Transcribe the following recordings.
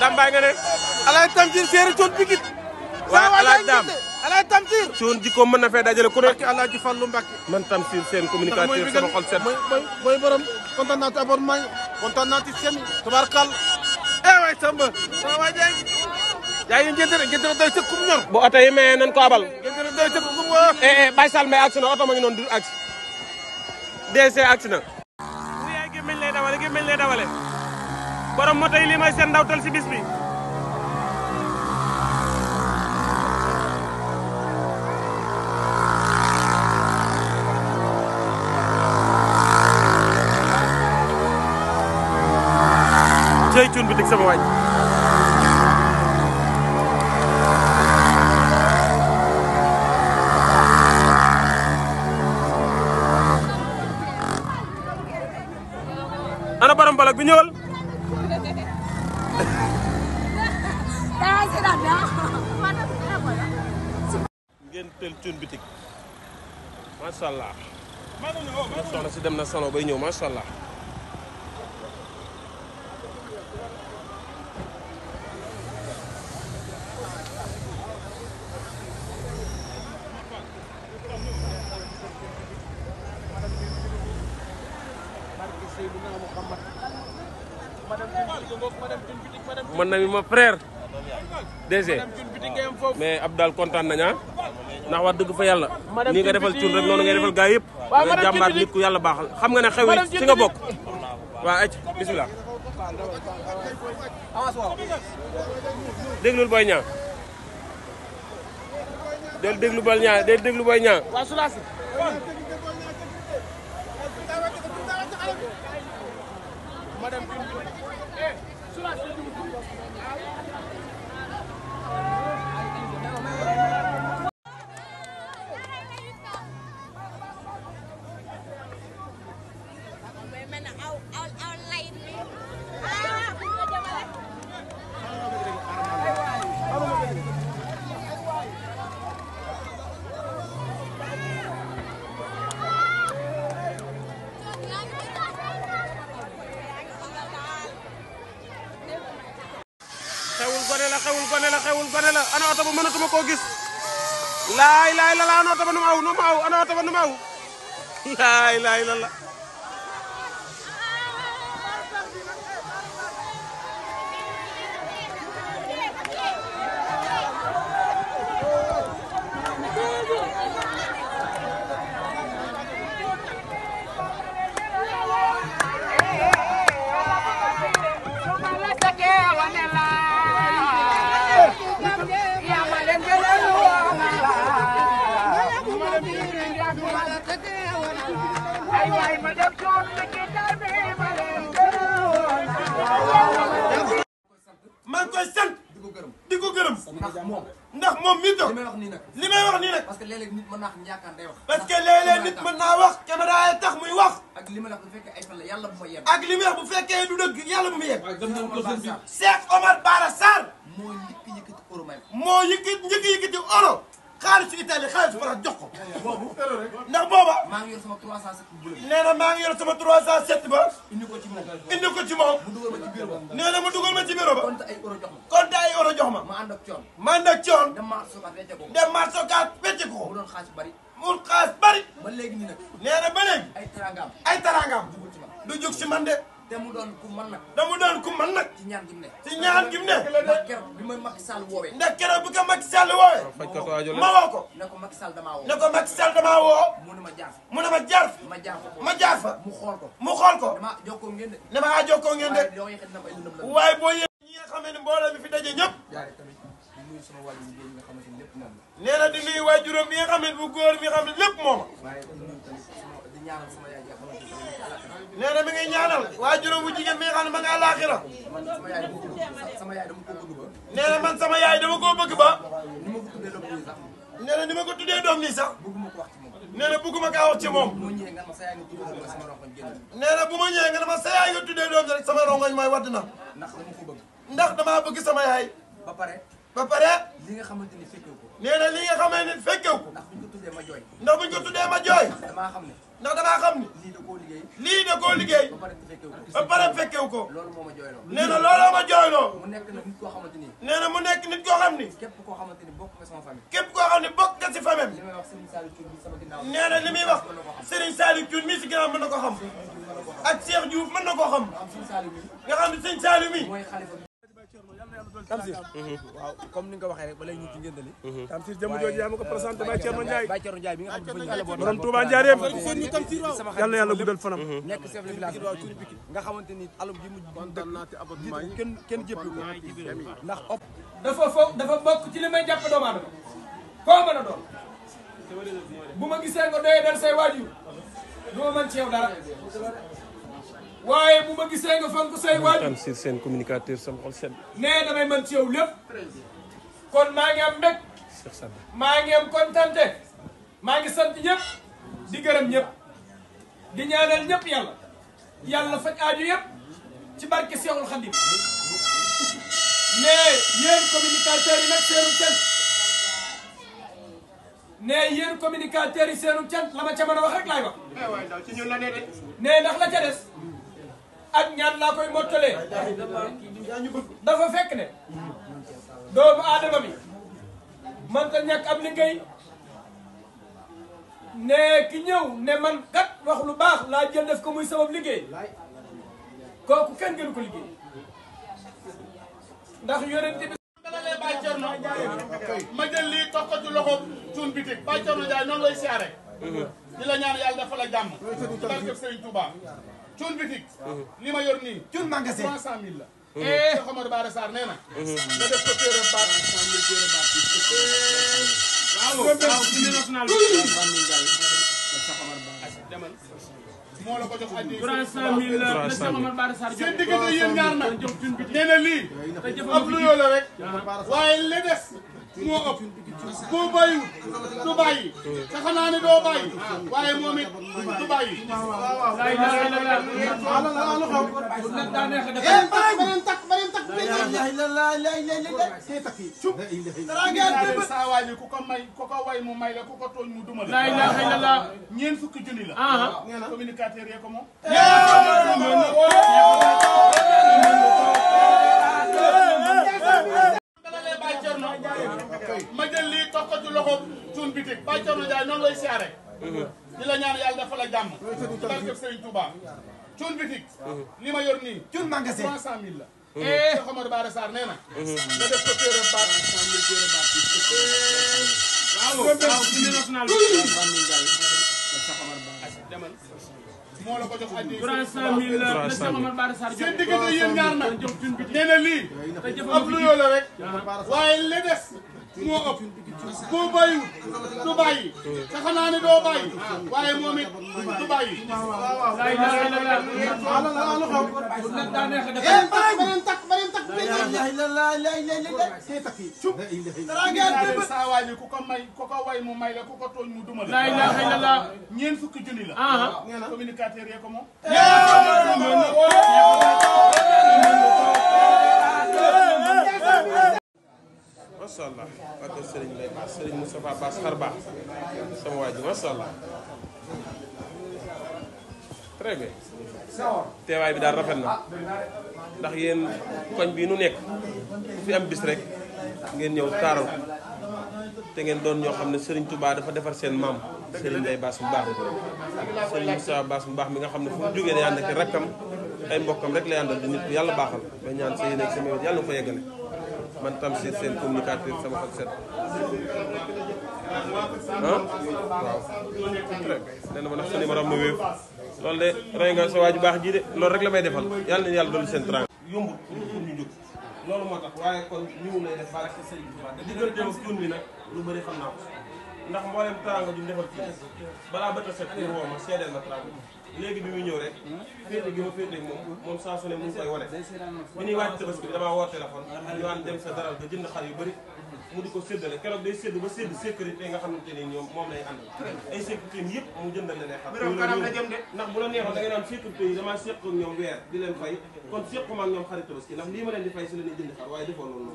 dam bay nga ne alaay tamsir seere coon pikit waaw alaaj dam alaay tamsir coon jikko mën na fee dajale ku nekk alaaji fallu mbàkke man tamsir seen communicateur sama eh waay samba sama waay jaay jaay yi ngeen ngeen doy sa kum ñor bu oto yi mayee nan eh eh sal may aksi na oto ma ngi noonu du aksi DC aksi dawale gemeñ dawale borom moto yi lii mooy seen ndawtal si bis bi cey cuun bi dig sama waaj ana borom balak bi ngénteel cuun bitik Masalah. allah. soxna masalah, dem Masalah. salon bay DG mais Abdal kontaan nañu ah. ndax wax dëgg fa yàlla nii nga defal cuun rek noonu ngay defal gaay yëpp nga jàmbaar nit ku yàlla baaxal xam nga na xew yi ci nga bokk waaw ac bismillah déglul boy ñaa del déglu boy ñaa déglu boy ñaa la xewul gone la ana oto ba mënatuma koo gis laay laay la la la la moom ndax moom mi toog li may wax nii nag li may wax nii nag parce que léeg-léeg nit mën naa wax njaakaan day wax parce que léeg-léeg nit mën naa wax caméra yi tax muy wax ak li may wax bu fekkee ay fan la yàlla bu ma yem ak li may wax bu fekkee du dëgg yàlla bu ma yem Cheikh Omar Bara Sarr moo njëkk yëkkati euro may moo yëkkati njëkk yëkkati euro xaalis ci Italie xaalis bu France maa ngi yor sama 307 bu ba. indi ko ci moom indi mu dugal ci bureau ba. nee na mu dugal ma ci bureau ma. compte coon. ma ànd ak coon. dem ko. dem maa bari. mu bari. ay tarangam du jug ci te mu doon ku mën nag. te mu doon ku mën nag. ci ñaan gi mu ne. ci ñaan gi mu ne. ndax keroog bi ma Macky Sall woowee. ndax keroog bi ko Macky Sall woowee. ma woo ko. ne ko Macky Sall damaa woo. ne ko Macky Sall damaa woo. mu ne ma jaar fa. mu ne ma jaar fa. ma jaar fa ma jaar fa. mu xool ko mu xool ko. damaa jokkoo ngeen de. damaa ah, jokkoo ngeen de. waaye boo yee ñi nga xam ne mbooloo mi fi daje ñëpp. nee na di nuyu waajuram yi nga xam ne bu góor mi xam ne lépp mooma nee na mi ngi ñaanal waa juróom bu jigéen mi nga xam ne ma nga àllaaxira nee na man sama yaay dama koo bëgg ba nee na ni ma ko tuddee doom nii sax nee na bëgguma kaa wax ci moom nee na bu ma ñëwee nga ne ma sa yaay nga tuddee doom rek sama rongoñ mooy wadd na ndax damaa bëgg sama yaay ba pare ba pare li nga xamante ni fekkew nee na li nga xamante ni fekkew ko tuddee ma jooy ndax buñ ko tuddee ma jooy damaa xam ne ndax damaa xam ni. lii da koo liggéey. lii da koo liggéey. ba pare fekkewu ko. loolu moo ma jooyloo. nee na looloo ma jooyloo. mu nekk nit koo xamante ni. nee na mu nekk nit koo xam ni. képp koo xamante ni bokk nga sama famille. képp koo xam ni bokk nga si famille. li may wax Serigne Saliou Thioune mii sama ginnaaw. nee na li muy wax Serigne Saliou Thioune mii si ginnaaw mën na ko xam. ak Cheikh Diouf mën na koo xam. nga xam ne Serigne Saliou mii. Tamsir mhm. waaw comme ni nga ko waxee rek ba léegi ñu ci njëndali mhm. Tamsir jëm jooju yaa ma ko présenté Baye Thierno Ndiaye Baye Thierno Ndiaye bi nga xam mhm. nga xamante ni alum ji mujj dëkk ndax op dafa foog dafa may jàpp doomu koo mën a doon bu ma gisee nga doyee dal say waajur du ma mën ci yow waaye bu ma gisee nga fonk say waajur. tam si seen communicateur sama xol sedd. nee damay mën ci yow lépp. kon maa ngi am mbég. maa ngi am kontante. ngi sant di gërëm ñëpp. di ñaanal ñëpp yàlla. yàlla faj aaju yëpp. ci barke Seexul Xadim. nee yéen communicateur yi nag seenu cant. nee yéen communicateur yi seenu cant la ma ca wax rek wax. Eh, ndax la ca ak ñaan laa koy mottalee dafa fekk ne doomu aadama bi mënta ñàkk am liggéey ne ki ñëw ne man kat wax lu baax laa jël def ko muy sabab liggéey kooku kenn gënu ko liggéey ndax yonente bi dalalee Baye Thierno ma jël lii toog ko ci loxo cuun bitik Baye Thierno Ndiaye noonu lay siyaare mhm. di la ñaan yàlla dafa la jàmm barke Sëriñ Touba cuun bitik mm-hmm. li ma yor nii cuun magasin trois cent mille la te mm-hmm. eh, Omar Bara Sarr nee na da mm-hmm. def ko téere baat cent mille téere baat moo la ko jox addi 300000 la la Cheikh Omar Bara Sarr seen diggante yéen ñaar nag nee na lii ab lu yoo la rek ah. waaye li des moo ëpp boo bàyyiwul du bàyyi te xanaa ne doo bàyyi waaye moom it du bàyyi. beneen takk beneen takk bi ngeen saa waay bi ku ko may ku ko way mu may la ku ko tooñ mu duma fukki junni la. communicateur yee ko moom. loxoom suñu bitik Baye Thierno Ndiaye noonu lay siyaare mhm. di la ñaan yàlla dafa la jàmm ci barkeb Serigne Touba suñu bitik mhm. li ma yor nii cun magasin trois cent mille la te mhm. eh. Omar Bara Sarr nee na nga a ko téere baat cent mille a baat moo la ko jox addi 300000 la la a Omar Bara Sarr seen diggante yéen ñaar nag nee na lii ab lu yoo la rek waaye li des moo ëpp boo bàyyiwul du bàyyi te xanaa ne doo bàyyi waaye moom it du bàyyi. beneen takk beneen takk bi ngeen saa waay bi ku ko may ku ko way mu may la ku ko tooñ mu duma la. la ñeent fukki junni la. macha allah sering Serigne sering Bass Serigne harba, Bass xar baax sama waa ji macha allah très bien teewaay bi daal rafet na ndax yéen koñ bii nu nekk ku fi am bis rek ngeen ñëw taaral te ngeen doon ñoo xam ne Serigne Touba dafa defar seen maam Serigne Mbaye Bass bu baax Serigne Moustapha Bass bu baax mi nga xam fu mu jógee day ànd ay mbokkam rek lay àndal di nit ku yàlla ba ñaan sa ak sama yàlla ko man Tamsir seen communicateur sama xol set ah waaw nee na ma ndax sa numéro am ma wéef loolu de rey nga sa waa ju baax ji de loolu rek la may defal yàlla na yàlla doon seen trang yombut pour ñu loolu moo tax waaye kon ñëw lay def barke sëriñ bi te bi nag lu bëri xam naa ndax mboolem teraanga ju defal balaa bët a set ñu woo ma seedeel ma teraanga léegi bi mu ñëw rek féete gi ma féete moom moom saa su ne mu ngi koy wane bu ñuy wàcc bi damaa woo téléphone ñu sa daral ga jënd xar yu bëri mu di ko séddale keroog day nga xamante ne xam la jëm la neexoon da nga naan sécurité yi damaa séq ñoom weer di leen fay kon séquma ak ñoom xarit tabaski ndax lii ma leen di fay si la ñuy jënd xar waaye defoo loolu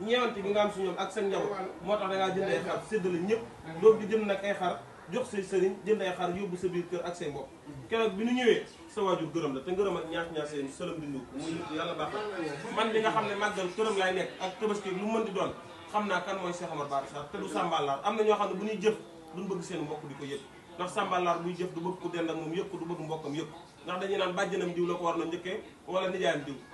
ñeewante gi nga am si ñoom ak seen njaboot moo tax da ngaa jëndee xar séddale ñëpp doog di jënd nag ay xar jox say sëriñ jënd ay xar yóbbu sa biir kër ak say mbokk keroog bi nu ñëwee sa waajur gërëm la te ngërëm ak ñaax ñaax seen sëlam di nuyu muy yàlla baax man li nga xam ne màggal këram laay nekk ak tabaski lu mën di doon xam naa kan mooy Cheikh Omar Bara Sarr te du sàmballaar am na ñoo xam ne bu ñuy jëf duñ bëgg seen mbokk di ko yëg ndax sàmballaar buy jëf du bëgg ku dend moom yëg du bëgg mbokkam yëg ndax dañuy naan bàjjanam diw la ko war na njëkkee wala nijaayam diw